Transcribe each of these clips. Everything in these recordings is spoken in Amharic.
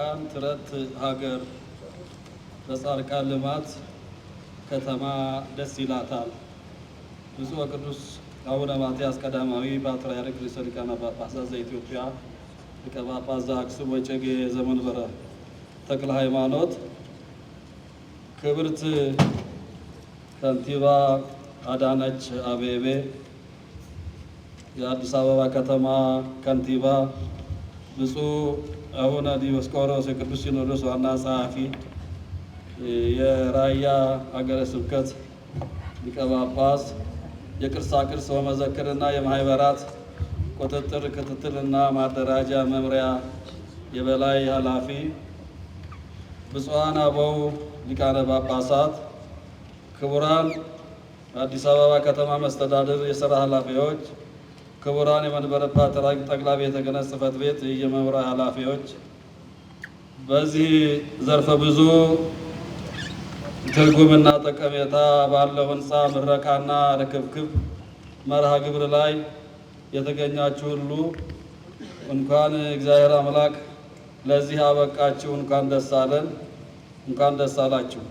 ለጻድቃን ትረት ሀገር ለጻድቃን ልማት ከተማ ደስ ይላታል። ብፁዕ ቅዱስ አቡነ ማትያስ ቀዳማዊ ፓትርያርክ ርዕሰ ሊቃነ ጳጳሳት ዘኢትዮጵያ ሊቀ ጳጳስ ዘአክሱም ወዕጨጌ ዘመንበረ ተክለ ሃይማኖት፣ ክብርት ከንቲባ አዳነች አቤቤ፣ የአዲስ አበባ ከተማ ከንቲባ ብፁዕ አቡነ ዲዮስቆሮስ የቅዱስ ሲኖዶስ ዋና ጸሐፊ፣ የራያ ሀገረ ስብከት ሊቀ ጳጳስ፣ የቅርሳ ቅርስ በመዘክርና የማህበራት ቁጥጥር ክትትልና ማደራጃ መምሪያ የበላይ ኃላፊ፣ ብፁዓን አበው ሊቃነ ጳጳሳት፣ ክቡራን አዲስ አበባ ከተማ መስተዳድር የስራ ኃላፊዎች ክቡራን የመንበረ ፓትርያርክ ጠቅላይ ቤተ ክህነት ጽሕፈት ቤት የመምሪያ ኃላፊዎች፣ በዚህ ዘርፈ ብዙ ትርጉምና ጠቀሜታ ባለው ህንፃ ምረቃና ርክብክብ መርሃ ግብር ላይ የተገኛችሁ ሁሉ እንኳን እግዚአብሔር አምላክ ለዚህ አበቃችሁ፣ እንኳን ደስ አለን፣ እንኳን ደስ አላችሁ።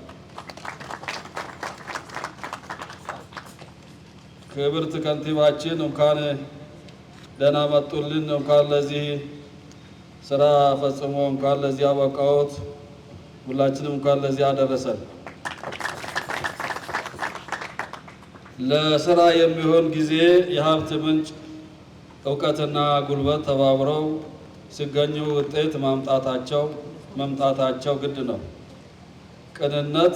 ክብርት ከንቲባችን እንኳን ደህና መጡልን። እንኳን ለዚህ ስራ ፈጽሞ እንኳን ለዚህ አበቃዎት። ሁላችንም እንኳን ለዚህ አደረሰን። ለስራ የሚሆን ጊዜ፣ የሀብት ምንጭ እውቀትና ጉልበት ተባብረው ሲገኙ ውጤት ማምጣታቸው መምጣታቸው ግድ ነው። ቅንነት፣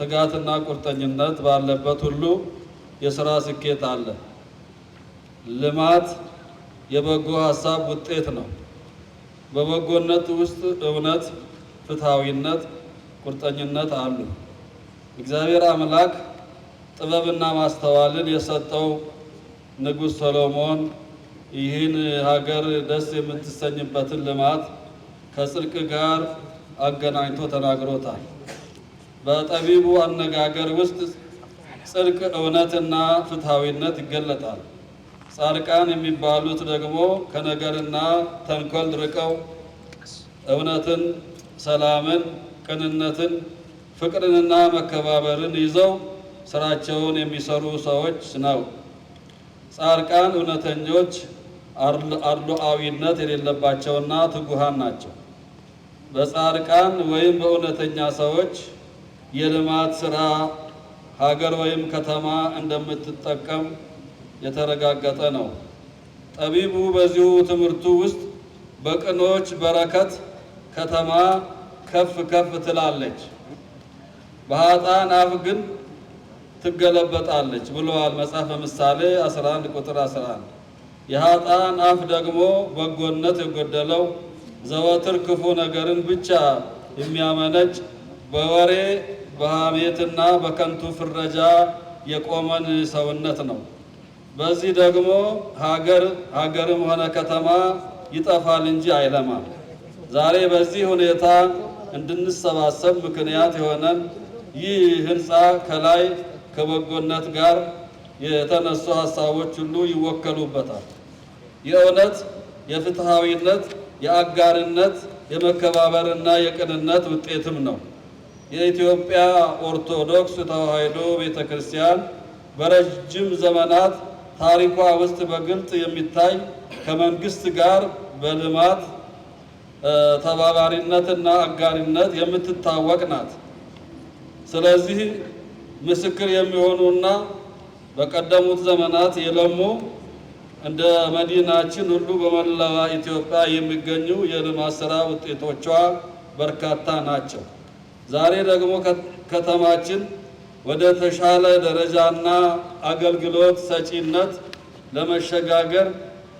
ትጋትና ቁርጠኝነት ባለበት ሁሉ የስራ ስኬት አለ። ልማት የበጎ ሀሳብ ውጤት ነው። በበጎነት ውስጥ እውነት፣ ፍትሐዊነት፣ ቁርጠኝነት አሉ። እግዚአብሔር አምላክ ጥበብና ማስተዋልን የሰጠው ንጉሥ ሰሎሞን ይህን ሀገር ደስ የምትሰኝበትን ልማት ከጽድቅ ጋር አገናኝቶ ተናግሮታል። በጠቢቡ አነጋገር ውስጥ ጽድቅ፣ እውነትና ፍትሐዊነት ይገለጣል። ጻድቃን የሚባሉት ደግሞ ከነገርና ተንኮል ርቀው እውነትን፣ ሰላምን፣ ቅንነትን፣ ፍቅርንና መከባበርን ይዘው ስራቸውን የሚሰሩ ሰዎች ነው። ጻድቃን እውነተኞች፣ አድሎአዊነት የሌለባቸውና ትጉሃን ናቸው። በጻድቃን ወይም በእውነተኛ ሰዎች የልማት ስራ ሀገር ወይም ከተማ እንደምትጠቀም የተረጋገጠ ነው። ጠቢቡ በዚሁ ትምህርቱ ውስጥ በቅኖች በረከት ከተማ ከፍ ከፍ ትላለች፣ በኃጥአን አፍ ግን ትገለበጣለች ብለዋል መጽሐፈ ምሳሌ 11 ቁጥር 11። የኃጥአን አፍ ደግሞ በጎነት የጎደለው ዘወትር ክፉ ነገርን ብቻ የሚያመነጭ በወሬ በሐሜትና በከንቱ ፍረጃ የቆመን ሰውነት ነው። በዚህ ደግሞ ሀገር ሀገርም ሆነ ከተማ ይጠፋል እንጂ አይለማም። ዛሬ በዚህ ሁኔታ እንድንሰባሰብ ምክንያት የሆነን ይህ ህንፃ ከላይ ከበጎነት ጋር የተነሱ ሀሳቦች ሁሉ ይወከሉበታል። የእውነት፣ የፍትሐዊነት፣ የአጋርነት፣ የመከባበርና የቅንነት ውጤትም ነው። የኢትዮጵያ ኦርቶዶክስ ተዋሕዶ ቤተ ክርስቲያን በረጅም ዘመናት ታሪኳ ውስጥ በግልጥ የሚታይ ከመንግስት ጋር በልማት ተባባሪነትና አጋሪነት የምትታወቅ ናት። ስለዚህ ምስክር የሚሆኑና በቀደሙት ዘመናት የለሙ እንደ መዲናችን ሁሉ በመላዋ ኢትዮጵያ የሚገኙ የልማት ስራ ውጤቶቿ በርካታ ናቸው። ዛሬ ደግሞ ከተማችን ወደ ተሻለ ደረጃና አገልግሎት ሰጪነት ለመሸጋገር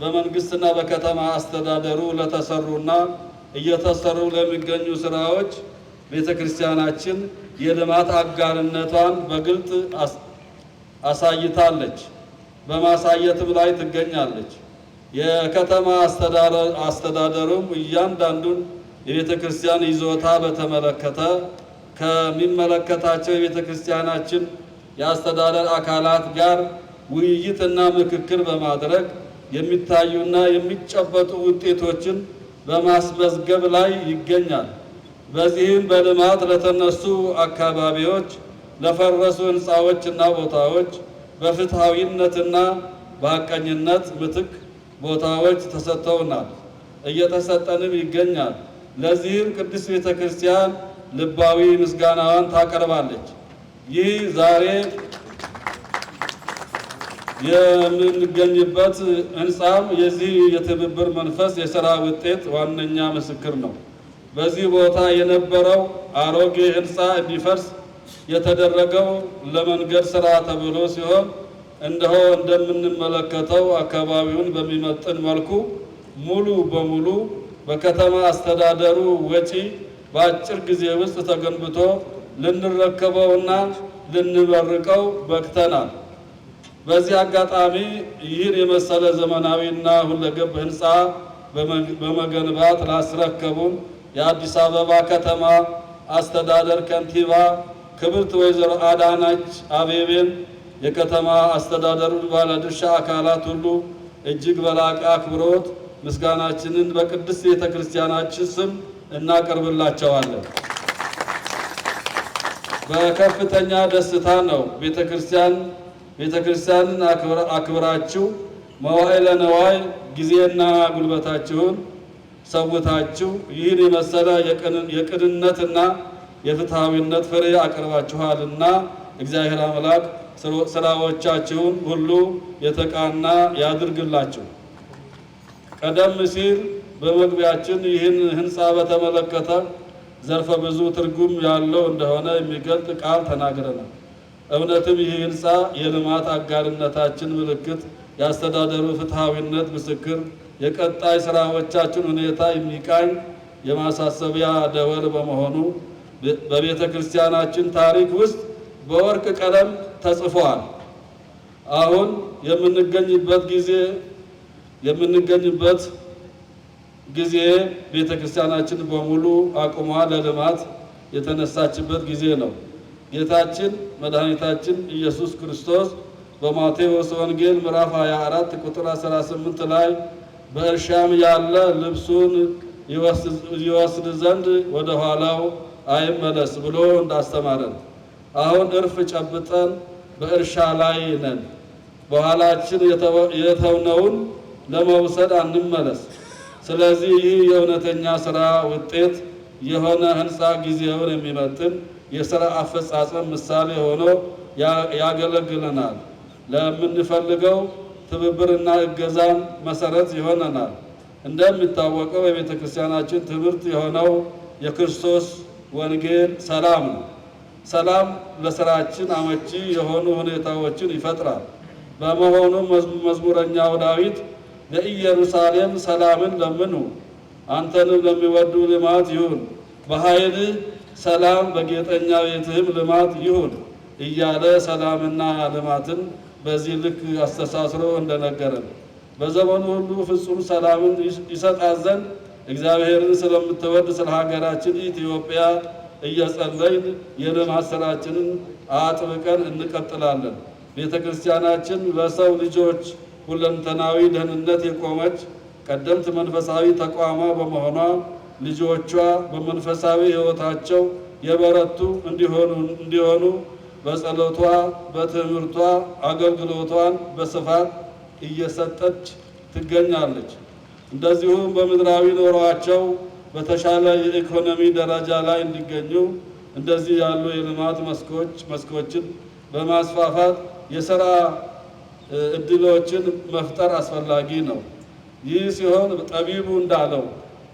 በመንግስትና በከተማ አስተዳደሩ ለተሰሩና እየተሰሩ ለሚገኙ ስራዎች ቤተ ክርስቲያናችን የልማት አጋርነቷን በግልጽ አሳይታለች፣ በማሳየትም ላይ ትገኛለች። የከተማ አስተዳደሩም እያንዳንዱን የቤተ ክርስቲያን ይዞታ በተመለከተ ከሚመለከታቸው የቤተ ክርስቲያናችን የአስተዳደር አካላት ጋር ውይይትና ምክክር በማድረግ የሚታዩና የሚጨበጡ ውጤቶችን በማስመዝገብ ላይ ይገኛል። በዚህም በልማት ለተነሱ አካባቢዎች፣ ለፈረሱ ህንፃዎችና ቦታዎች በፍትሐዊነትና በአቀኝነት ምትክ ቦታዎች ተሰጥተውናል፣ እየተሰጠንም ይገኛል። ለዚህም ቅድስት ቤተ ክርስቲያን ልባዊ ምስጋናዋን ታቀርባለች። ይህ ዛሬ የምንገኝበት ህንፃም የዚህ የትብብር መንፈስ የሥራ ውጤት ዋነኛ ምስክር ነው። በዚህ ቦታ የነበረው አሮጌ ህንፃ እንዲፈርስ የተደረገው ለመንገድ ስራ ተብሎ ሲሆን እንደሆ እንደምንመለከተው አካባቢውን በሚመጥን መልኩ ሙሉ በሙሉ በከተማ አስተዳደሩ ወጪ በአጭር ጊዜ ውስጥ ተገንብቶ ልንረከበውና ልንበርቀው በክተናል። በዚህ አጋጣሚ ይህን የመሰለ ዘመናዊና ሁለገብ ህንፃ በመገንባት ላስረከቡን የአዲስ አበባ ከተማ አስተዳደር ከንቲባ ክብርት ወይዘሮ አዳነች አቤቤን የከተማ አስተዳደሩን ባለድርሻ አካላት ሁሉ እጅግ በላቀ አክብሮት ምስጋናችንን በቅድስት ቤተ ክርስቲያናችን ስም እናቀርብላቸዋለን። በከፍተኛ ደስታ ነው ቤተክርስቲያን ቤተክርስቲያንን አክብራችሁ መዋዕለ ነዋይ ጊዜና ጉልበታችሁን ሰውታችሁ ይህን የመሰለ የቅንነትና የፍትሐዊነት ፍሬ አቅርባችኋልና እግዚአብሔር አምላክ ስራዎቻችሁን ሁሉ የተቃና ያድርግላችሁ። ቀደም ሲል በመግቢያችን ይህን ህንፃ በተመለከተ ዘርፈ ብዙ ትርጉም ያለው እንደሆነ የሚገልጥ ቃል ተናግረናል። እውነትም ይህ ህንፃ የልማት አጋርነታችን ምልክት፣ የአስተዳደሩ ፍትሐዊነት ምስክር፣ የቀጣይ ስራዎቻችን ሁኔታ የሚቃኝ የማሳሰቢያ ደወል በመሆኑ በቤተ ክርስቲያናችን ታሪክ ውስጥ በወርቅ ቀለም ተጽፏል። አሁን የምንገኝበት ጊዜ የምንገኝበት ጊዜ ቤተ ክርስቲያናችን በሙሉ አቁሟ ለልማት የተነሳችበት ጊዜ ነው። ጌታችን መድኃኒታችን ኢየሱስ ክርስቶስ በማቴዎስ ወንጌል ምዕራፍ 24 ቁጥር 18 ላይ በእርሻም ያለ ልብሱን ይወስድ ዘንድ ወደ ኋላው አይመለስ ብሎ እንዳስተማረን አሁን እርፍ ጨብጠን በእርሻ ላይ ነን። በኋላችን የተውነውን ለመውሰድ አንመለስ። ስለዚህ ይህ የእውነተኛ ስራ ውጤት የሆነ ህንፃ ጊዜውን የሚመጥን የስራ አፈጻጸም ምሳሌ ሆኖ ያገለግለናል። ለምንፈልገው ትብብርና እገዛም መሰረት ይሆነናል። እንደሚታወቀው የቤተ ክርስቲያናችን ትምህርት የሆነው የክርስቶስ ወንጌል ሰላም ነው። ሰላም ለስራችን አመቺ የሆኑ ሁኔታዎችን ይፈጥራል። በመሆኑ መዝሙረኛው ዳዊት ለኢየሩሳሌም ሰላምን ለምኑ፣ አንተንም ለሚወዱ ልማት ይሁን፣ በኃይልህ ሰላም በጌጠኛ ቤትህም ልማት ይሁን እያለ ሰላምና ልማትን በዚህ ልክ አስተሳስሮ እንደነገረን በዘመኑ ሁሉ ፍጹም ሰላምን ይሰጣት ዘንድ እግዚአብሔርን ስለምትወድ ስለ ሀገራችን ኢትዮጵያ እየጸለይን የልማት ስራችንን አጥብቀን እንቀጥላለን። ቤተ ክርስቲያናችን ለሰው ልጆች ሁለንተናዊ ደህንነት የቆመች ቀደምት መንፈሳዊ ተቋሟ በመሆኗ ልጆቿ በመንፈሳዊ ሕይወታቸው የበረቱ እንዲሆኑ በጸሎቷ፣ በትምህርቷ አገልግሎቷን በስፋት እየሰጠች ትገኛለች። እንደዚሁም በምድራዊ ኖሯቸው በተሻለ የኢኮኖሚ ደረጃ ላይ እንዲገኙ እንደዚህ ያሉ የልማት መስኮች መስኮችን በማስፋፋት የሥራ እድሎችን መፍጠር አስፈላጊ ነው። ይህ ሲሆን ጠቢቡ እንዳለው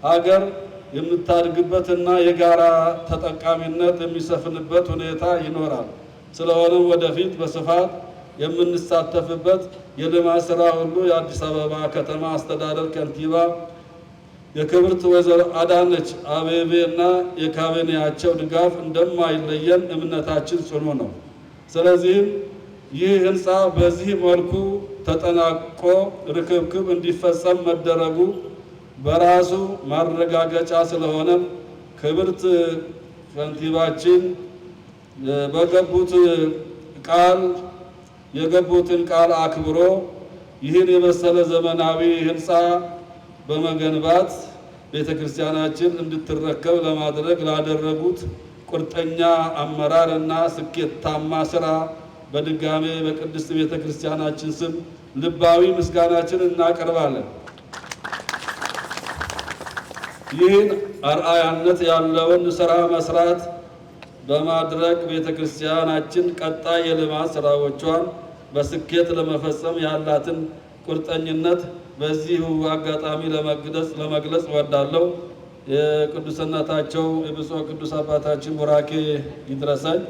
ሀገር የምታድግበትና የጋራ ተጠቃሚነት የሚሰፍንበት ሁኔታ ይኖራል። ስለሆነም ወደፊት በስፋት የምንሳተፍበት የልማት ስራ ሁሉ የአዲስ አበባ ከተማ አስተዳደር ከንቲባ የክብርት ወይዘሮ አዳነች አቤቤ እና የካቢኔያቸው ድጋፍ እንደማይለየን እምነታችን ጽኑ ነው። ስለዚህም ይህ ህንፃ በዚህ መልኩ ተጠናቆ ርክብክብ እንዲፈጸም መደረጉ በራሱ ማረጋገጫ ስለሆነም ክብርት ከንቲባችን በገቡት ቃል የገቡትን ቃል አክብሮ ይህን የመሰለ ዘመናዊ ህንፃ በመገንባት ቤተ ክርስቲያናችን እንድትረከብ ለማድረግ ላደረጉት ቁርጠኛ አመራር እና ስኬታማ ስራ በድጋሜ በቅድስት ቤተ ክርስቲያናችን ስም ልባዊ ምስጋናችንን እናቀርባለን። ይህን አርአያነት ያለውን ስራ መስራት በማድረግ ቤተ ክርስቲያናችን ቀጣይ የልማት ስራዎቿን በስኬት ለመፈጸም ያላትን ቁርጠኝነት በዚሁ አጋጣሚ ለመግለጽ ለመግለጽ እወዳለሁ። የቅዱስነታቸው የብፁዕ ቅዱስ አባታችን ቡራኬ ይድረሳል።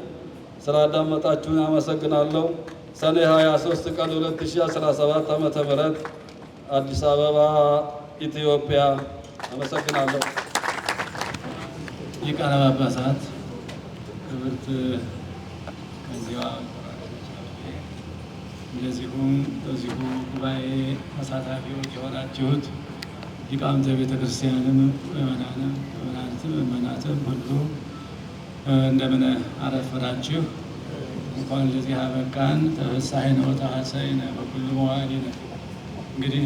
ስላዳመጣችሁን አመሰግናለሁ። ሰኔ 23 ቀን 2017 ዓ.ም አዲስ አበባ ኢትዮጵያ። አመሰግናለሁ። ሊቃነ ጳጳሳት ክብርት ከዚዋ እንደዚሁም በዚሁ ጉባኤ ተሳታፊዎች የሆናችሁት ሊቃውንተ ቤተክርስቲያንም ምእመናንም ምእመናትም ሁሉ እንደምን አረፈራችሁ? እንኳን ለዚህ አበቃን። ተፈሳሐ ነው ተሐሳይ ነው በኩሉ መዋዕል ነው። እንግዲህ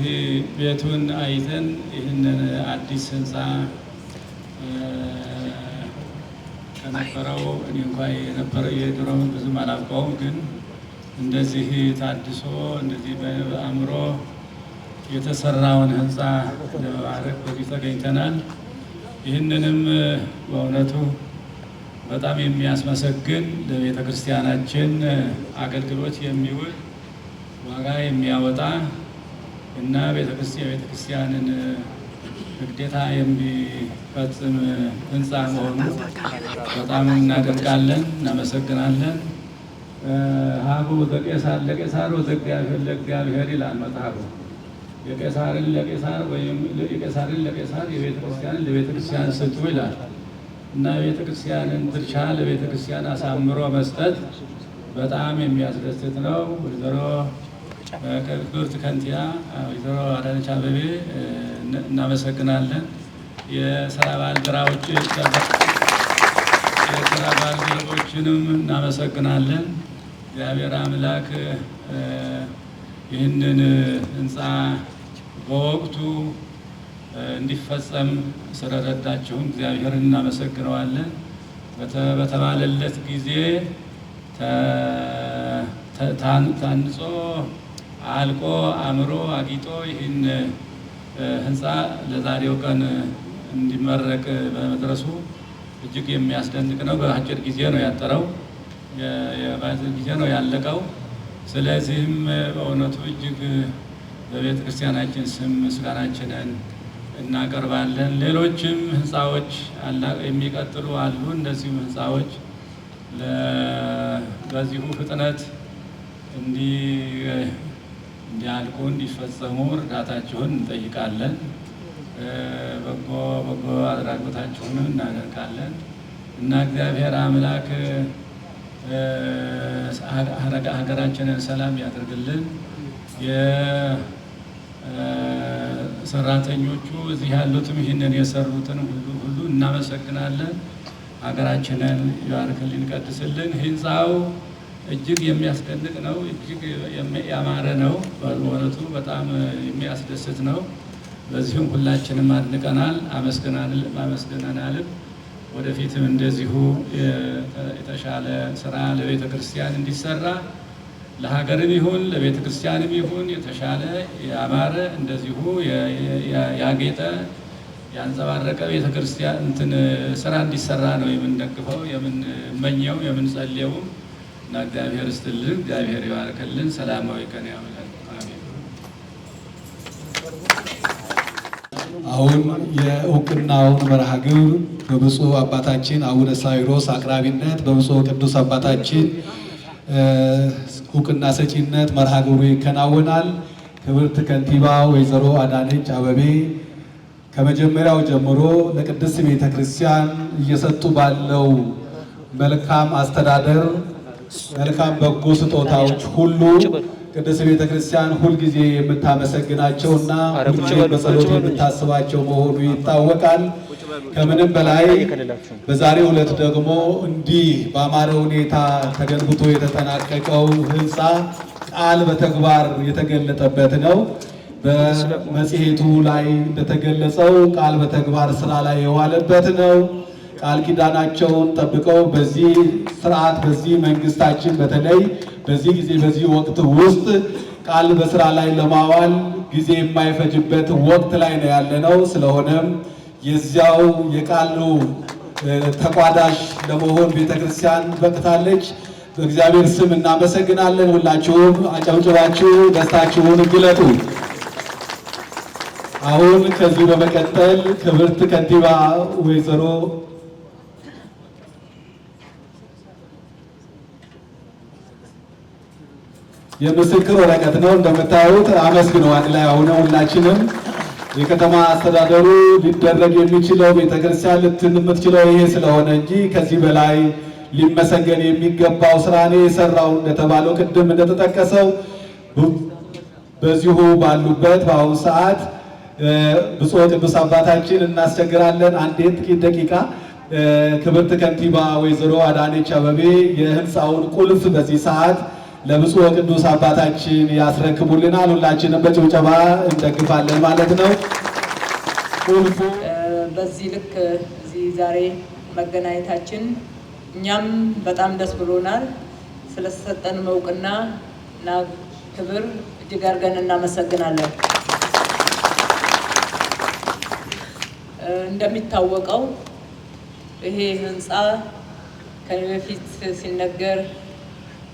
ቤቱን አይተን ይህንን አዲስ ህንፃ ከነበረው እኔ እንኳ የነበረው የድሮውን ብዙም አላውቀውም፣ ግን እንደዚህ ታድሶ እንደዚህ በአእምሮ የተሰራውን ህንፃ ለመባረክ በዚህ ተገኝተናል። ይህንንም በእውነቱ በጣም የሚያስመሰግን ለቤተ ክርስቲያናችን አገልግሎት የሚውል ዋጋ የሚያወጣ እና የቤተ ክርስቲያንን ግዴታ የሚፈጽም ህንፃ መሆኑ በጣም እናደንቃለን፣ እናመሰግናለን። ሀቡ ዘቄሳር ለቄሳር ወዘእግዚአብሔር ለእግዚአብሔር ይላል መጽሐፉ። የቄሳርን ለቄሳር ወይም የቄሳርን ለቄሳር የቤተክርስቲያንን ለቤተክርስቲያን ስጡ ይላል። እና የቤተ ክርስቲያንን ድርሻ ለቤተ ክርስቲያን አሳምሮ መስጠት በጣም የሚያስደስት ነው። ወይዘሮ ክብርት ከንቲባ ወይዘሮ አዳነች አበቤ እናመሰግናለን። የስራ ባልደራቦች የስራ ባልደረቦችንም እናመሰግናለን። እግዚአብሔር አምላክ ይህንን ህንፃ በወቅቱ እንዲፈጸም ስለረዳችሁን እግዚአብሔር እናመሰግነዋለን። በተባለለት ጊዜ ታንጾ አልቆ አምሮ አጊጦ ይህን ህንፃ ለዛሬው ቀን እንዲመረቅ በመድረሱ እጅግ የሚያስደንቅ ነው። በአጭር ጊዜ ነው ያጠረው፣ በአጭር ጊዜ ነው ያለቀው። ስለዚህም በእውነቱ እጅግ በቤተ ክርስቲያናችን ስም ምስጋናችንን እናቀርባለን። ሌሎችም ህንፃዎች የሚቀጥሉ አሉ። እነዚሁም ህንፃዎች በዚሁ ፍጥነት እንዲያልቁ እንዲፈጸሙ እርዳታችሁን እንጠይቃለን። በጎ በጎ አድራጎታችሁንም እናደርጋለን እና እግዚአብሔር አምላክ ሀገራችንን ሰላም ያደርግልን። ሰራተኞቹ እዚህ ያሉትም ይህንን የሰሩትን ሁሉ ሁሉ እናመሰግናለን። ሀገራችንን ይባርክልን፣ ይቀድስልን። ህንፃው እጅግ የሚያስደንቅ ነው። እጅግ ያማረ ነው። በእውነቱ በጣም የሚያስደስት ነው። በዚሁም ሁላችንም አድንቀናል፣ አመስግነናልም። ወደፊትም እንደዚሁ የተሻለ ስራ ለቤተ ክርስቲያን እንዲሰራ ለሀገርም ይሁን ለቤተ ክርስቲያንም ይሁን የተሻለ ያማረ እንደዚሁ ያጌጠ ያንጸባረቀ ቤተ ክርስቲያን እንትን ስራ እንዲሰራ ነው የምንደግፈው የምንመኘው የምንጸልየውም እና እግዚአብሔር ይስጥልን፣ እግዚአብሔር ይባርክልን። ሰላማዊ ቀን ያውለን። አሁን የእውቅናውን መርሃ ግብር በብፁዕ አባታችን አቡነ ሳዊሮስ አቅራቢነት በብፁዕ ቅዱስ አባታችን እውቅና ሰጪነት መርሃ ግብሩ ይከናወናል። ክብርት ከንቲባ ወይዘሮ አዳነች አበቤ ከመጀመሪያው ጀምሮ ለቅድስት ቤተ ክርስቲያን እየሰጡ ባለው መልካም አስተዳደር፣ መልካም በጎ ስጦታዎች ሁሉ ቅድስት ቤተ ክርስቲያን ሁልጊዜ የምታመሰግናቸውና ሁልጊዜ በጸሎት የምታስባቸው መሆኑ ይታወቃል። ከምንም በላይ በዛሬው ዕለት ደግሞ እንዲህ በአማረ ሁኔታ ተገንብቶ የተጠናቀቀው ህንፃ ቃል በተግባር የተገለጠበት ነው። በመጽሔቱ ላይ እንደተገለጸው ቃል በተግባር ስራ ላይ የዋለበት ነው። ቃል ኪዳናቸውን ጠብቀው በዚህ ስርዓት በዚህ መንግስታችን በተለይ በዚህ ጊዜ በዚህ ወቅት ውስጥ ቃል በስራ ላይ ለማዋል ጊዜ የማይፈጅበት ወቅት ላይ ነው ያለነው። ስለሆነም የዚያው የቃሉ ተቋዳሽ ለመሆን ቤተክርስቲያን በቅታለች። በእግዚአብሔር ስም እናመሰግናለን። ሁላችሁም አጨብጭባችሁ ደስታችሁን ግለጡ። አሁን ከዚህ በመቀጠል ክብርት ከንቲባ ወይዘሮ የምስክር ወረቀት ነው እንደምታዩት። አመስግነዋል ላይ አሁነ ሁላችንም የከተማ አስተዳደሩ ሊደረግ የሚችለው ቤተክርስቲያን ልትን የምትችለው ይሄ ስለሆነ እንጂ ከዚህ በላይ ሊመሰገን የሚገባው ስራ እኔ የሰራው እንደተባለው ቅድም እንደተጠቀሰው በዚሁ ባሉበት በአሁኑ ሰዓት ብፁዕ ቅዱስ አባታችን እናስቸግራለን። አንዴ ጥቂት ደቂቃ ክብርት ከንቲባ ወይዘሮ አዳነች አበቤ የህንፃውን ቁልፍ በዚህ ሰዓት ለብፁዕ ቅዱስ አባታችን ያስረክቡልናል። ሁላችንም በጭብጨባ እንደግፋለን ማለት ነው። ቁልፉ በዚህ ልክ እዚህ ዛሬ መገናኘታችን እኛም በጣም ደስ ብሎናል። ስለተሰጠን እውቅና እና ክብር እጅግ አድርገን እናመሰግናለን። እንደሚታወቀው ይሄ ህንፃ ከኔ ሲነገር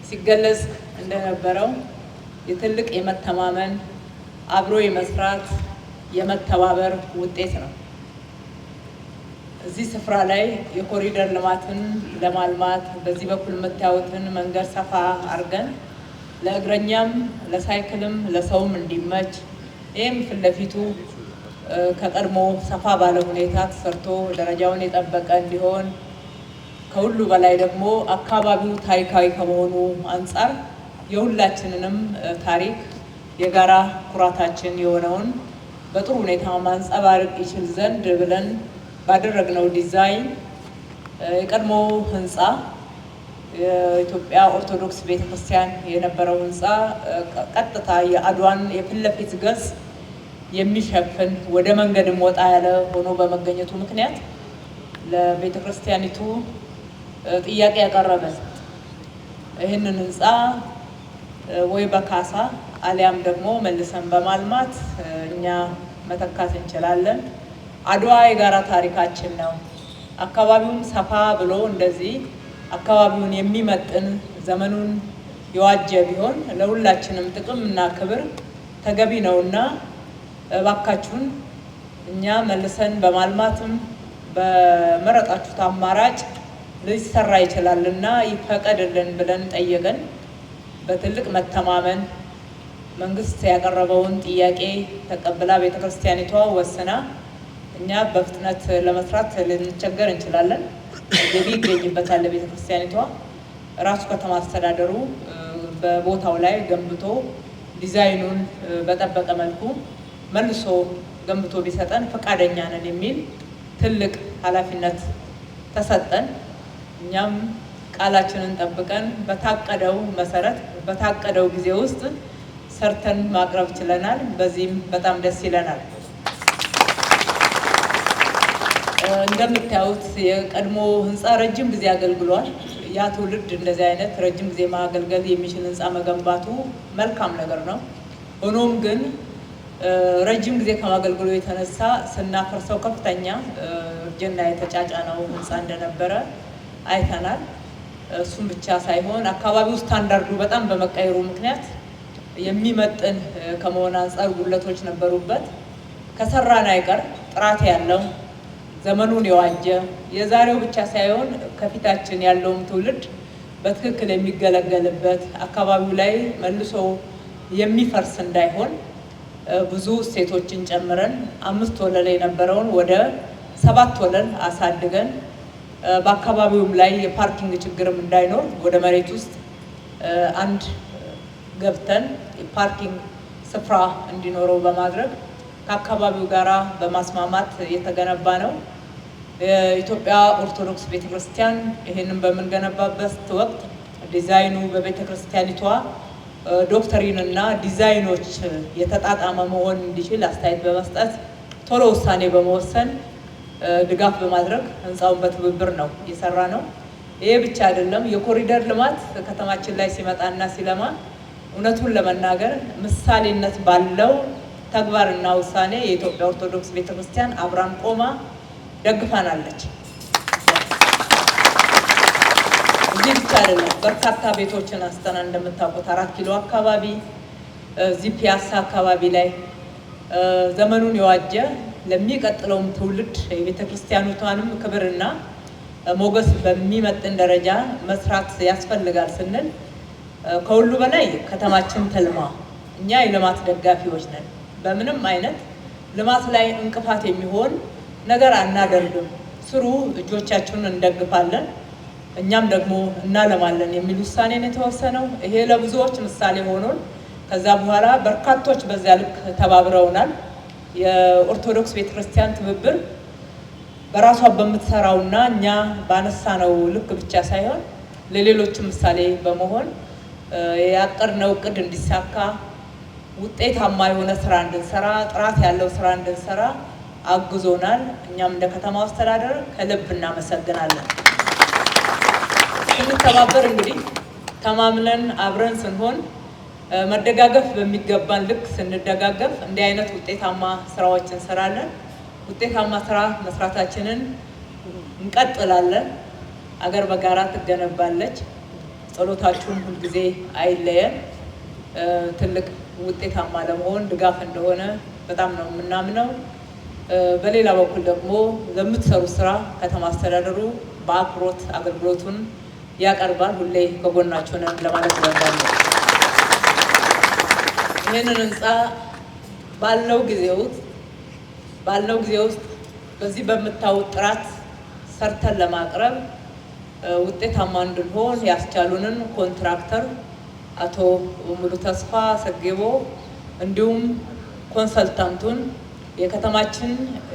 ሲገለጽ እንደነበረው የትልቅ የመተማመን አብሮ የመስራት የመተባበር ውጤት ነው። እዚህ ስፍራ ላይ የኮሪደር ልማትን ለማልማት በዚህ በኩል የምታዩትን መንገድ ሰፋ አድርገን ለእግረኛም ለሳይክልም ለሰውም እንዲመች ይህም ፊት ለፊቱ ከቀድሞ ሰፋ ባለ ሁኔታ ተሰርቶ ደረጃውን የጠበቀ እንዲሆን ከሁሉ በላይ ደግሞ አካባቢው ታሪካዊ ከመሆኑ አንጻር የሁላችንንም ታሪክ የጋራ ኩራታችን የሆነውን በጥሩ ሁኔታ ማንጸባረቅ ይችል ዘንድ ብለን ባደረግነው ዲዛይን የቀድሞ ህንፃ የኢትዮጵያ ኦርቶዶክስ ቤተክርስቲያን የነበረው ህንፃ ቀጥታ የአድዋን የፊት ለፊት ገጽ የሚሸፍን ወደ መንገድም ወጣ ያለ ሆኖ በመገኘቱ ምክንያት ለቤተክርስቲያኒቱ ጥያቄ ያቀረበ ይህንን ህንፃ ወይ በካሳ አሊያም ደግሞ መልሰን በማልማት እኛ መተካት እንችላለን። አድዋ የጋራ ታሪካችን ነው። አካባቢውን ሰፋ ብሎ እንደዚህ አካባቢውን የሚመጥን ዘመኑን የዋጀ ቢሆን ለሁላችንም ጥቅም እና ክብር ተገቢ ነው እና እባካችሁን እኛ መልሰን በማልማትም በመረጣችሁት አማራጭ ሊሰራ ይችላል እና ይፈቀድልን ብለን ጠየቅን። በትልቅ መተማመን መንግስት ያቀረበውን ጥያቄ ተቀብላ ቤተ ክርስቲያኒቷ ወስና እኛ በፍጥነት ለመስራት ልንቸገር እንችላለን። ገቢ ይገኝበታል። ቤተ ክርስቲያኒቷ ራሱ ከተማ አስተዳደሩ በቦታው ላይ ገንብቶ ዲዛይኑን በጠበቀ መልኩ መልሶ ገንብቶ ቢሰጠን ፈቃደኛ ነን የሚል ትልቅ ኃላፊነት ተሰጠን። እኛም ቃላችንን ጠብቀን በታቀደው መሰረት በታቀደው ጊዜ ውስጥ ሰርተን ማቅረብ ችለናል። በዚህም በጣም ደስ ይለናል። እንደምታዩት የቀድሞ ህንፃ ረጅም ጊዜ አገልግሏል። ያ ትውልድ እንደዚህ አይነት ረጅም ጊዜ ማገልገል የሚችል ህንፃ መገንባቱ መልካም ነገር ነው። ሆኖም ግን ረጅም ጊዜ ከማገልግሎ የተነሳ ስናፈርሰው ከፍተኛ እርጅና የተጫጫነው ህንፃ እንደነበረ አይተናል። እሱም ብቻ ሳይሆን አካባቢው ስታንዳርዱ በጣም በመቀየሩ ምክንያት የሚመጥን ከመሆን አንጻር ጉለቶች ነበሩበት። ከሰራን አይቀር ጥራት ያለው ዘመኑን የዋጀ የዛሬው ብቻ ሳይሆን ከፊታችን ያለውም ትውልድ በትክክል የሚገለገልበት አካባቢው ላይ መልሶ የሚፈርስ እንዳይሆን ብዙ እሴቶችን ጨምረን አምስት ወለል የነበረውን ወደ ሰባት ወለል አሳድገን በአካባቢውም ላይ የፓርኪንግ ችግርም እንዳይኖር ወደ መሬት ውስጥ አንድ ገብተን የፓርኪንግ ስፍራ እንዲኖረው በማድረግ ከአካባቢው ጋር በማስማማት የተገነባ ነው። የኢትዮጵያ ኦርቶዶክስ ቤተክርስቲያን ይህንን በምንገነባበት ወቅት ዲዛይኑ በቤተ ክርስቲያኒቷ ዶክተሪን እና ዲዛይኖች የተጣጣመ መሆን እንዲችል አስተያየት በመስጠት ቶሎ ውሳኔ በመወሰን ድጋፍ በማድረግ ህንፃውን በትብብር ነው እየሰራ ነው። ይሄ ብቻ አይደለም። የኮሪደር ልማት ከተማችን ላይ ሲመጣና ሲለማ እውነቱን ለመናገር ምሳሌነት ባለው ተግባርና ውሳኔ የኢትዮጵያ ኦርቶዶክስ ቤተክርስቲያን አብራን ቆማ ደግፋናለች። እዚህ ብቻ አይደለም። በርካታ ቤቶችን አስተና እንደምታውቁት አራት ኪሎ አካባቢ እዚህ ፒያሳ አካባቢ ላይ ዘመኑን የዋጀ ለሚቀጥለውም ትውልድ የቤተ ክርስቲያኖቷንም ክብርና ሞገስ በሚመጥን ደረጃ መስራት ያስፈልጋል ስንል ከሁሉ በላይ ከተማችን ትልማ። እኛ የልማት ደጋፊዎች ነን። በምንም አይነት ልማት ላይ እንቅፋት የሚሆን ነገር አናደርግም። ስሩ፣ እጆቻችሁን እንደግፋለን፣ እኛም ደግሞ እናለማለን የሚል ውሳኔ ነው የተወሰነው። ይሄ ለብዙዎች ምሳሌ ሆኖን ከዛ በኋላ በርካቶች በዚያ ልክ ተባብረውናል። የኦርቶዶክስ ቤተክርስቲያን ትብብር በራሷ እና እኛ ባነሳነው ልክ ብቻ ሳይሆን ለሌሎችም ምሳሌ በመሆን ያቀድነው እቅድ እንዲሳካ ውጤታማ የሆነ ስራ እንድንሰራ ጥራት ያለው ስራ እንድንሰራ አግዞናል። እኛም እንደ ከተማ አስተዳደር ከልብ እናመሰግናለን። ስንተባበር እንግዲህ ተማምነን አብረን ስንሆን መደጋገፍ በሚገባን ልክ ስንደጋገፍ እንዲህ አይነት ውጤታማ ስራዎች እንሰራለን። ውጤታማ ስራ መስራታችንን እንቀጥላለን። አገር በጋራ ትገነባለች። ጸሎታችሁን ሁልጊዜ አይለየን። ትልቅ ውጤታማ ለመሆን ድጋፍ እንደሆነ በጣም ነው የምናምነው። በሌላ በኩል ደግሞ ለምትሰሩ ስራ ከተማ አስተዳደሩ በአክብሮት አገልግሎቱን ያቀርባል። ሁሌ ከጎናችሁ ነን ለማለት እወዳለሁ። ይህንን ህንፃ ባለው ጊዜ ውስጥ ባለው ጊዜ ውስጥ በዚህ በምታዩት ጥራት ሰርተን ለማቅረብ ውጤታማ እንድንሆን ያስቻሉንን ኮንትራክተር አቶ ሙሉ ተስፋ ሰጌቦ እንዲሁም ኮንሰልታንቱን የከተማችን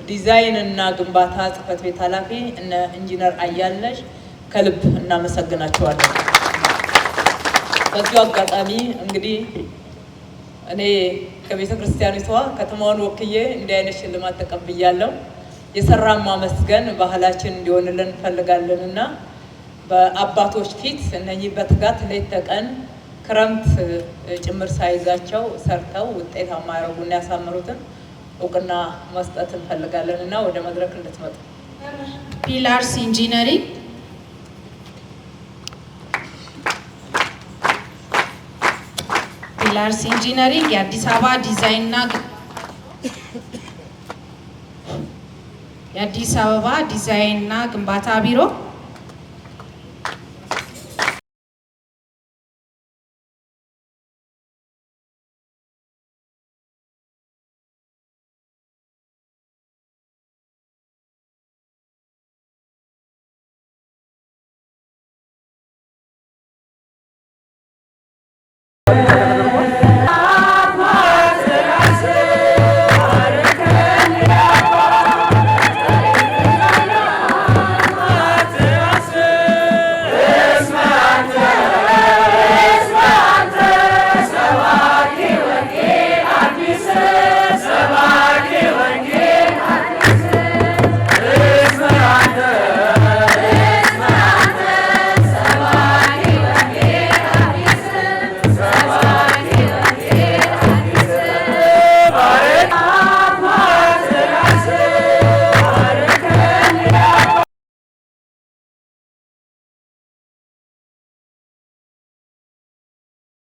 ዲዛይን እና ግንባታ ጽህፈት ቤት ኃላፊ እነ ኢንጂነር አያለሽ ከልብ እናመሰግናቸዋለን። በዚሁ አጋጣሚ እንግዲህ እኔ ከቤተ ክርስቲያኒቷ ከተማውን ወክዬ እንዲህ አይነት ሽልማት ተቀብያለሁ። የሰራን ማመስገን ባህላችን እንዲሆንልን እንፈልጋለን እና በአባቶች ፊት እነኚህ በትጋት ሌት ተቀን ክረምት ጭምር ሳይዛቸው ሰርተው ውጤታማ ያደረጉና ያሳምሩትን እውቅና መስጠት እንፈልጋለን እና ወደ መድረክ እንድትመጡ ፒላርስ ኢንጂነሪንግ ለአርሲ ኢንጂነሪንግ የአዲስ አበባ ዲዛይንና የአዲስ አበባ ዲዛይንና ግንባታ ቢሮ Yeah.